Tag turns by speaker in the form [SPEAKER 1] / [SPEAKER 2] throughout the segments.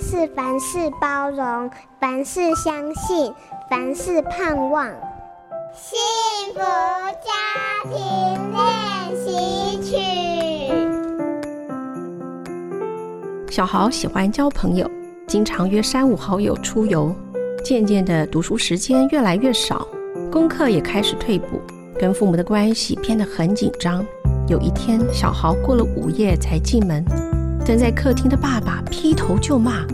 [SPEAKER 1] 是凡事包容，凡事相信，凡事盼望。幸福家庭練習曲。
[SPEAKER 2] 小豪喜歡交朋友，經常約三五好友出遊。漸漸的，讀書時間越來越少，功課也開始退步，跟父母的關係變得很緊張。有一天，小豪過了午夜才進門。正在客廳的爸爸劈頭就罵：“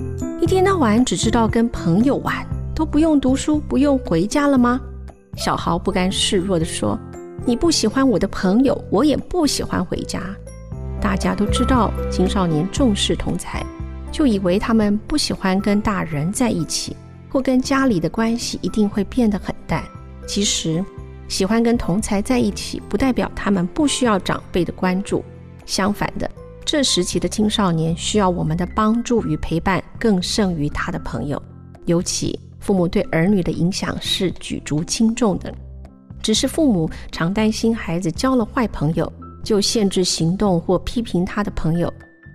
[SPEAKER 2] 一天到晚只知道跟朋友玩，都不用讀書，不用回家了嗎？”小豪不甘示弱地說：“你不喜歡我的朋友，我也不喜歡回家。”大家都知道，青少年重視同儕，就以為他們不喜歡跟大人在一起，或跟家裡的關係一定會變得很淡。其實，喜歡跟同儕在一起，不代表他們不需要長輩的關注，相反的。這時期的青少年需要我們的幫助與陪伴，更勝於他的朋友。尤其父母對兒女的影響是舉足輕重的。只是父母常擔心孩子交了壞朋友，就限制行動或批評他的朋友，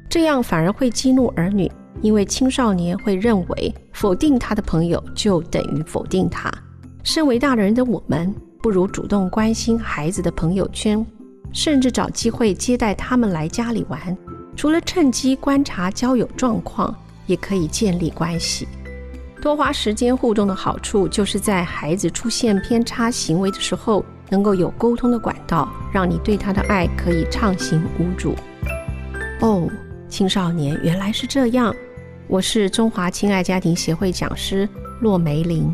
[SPEAKER 2] 這樣反而會激怒兒女，因為青少年會認為否定他的朋友就等於否定他。身為大人的我們，不如主動關心孩子的朋友圈。甚至找機會接待他們來家裡玩，除了趁機觀察交友狀況，也可以建立關係。多花時間互動的好處，就是在孩子出現偏差行為的時候，能夠有溝通的管道，讓你對他的愛可以暢行無阻。哦，青少年原來是這樣！我是中華親愛家庭協會講師駱玫玲。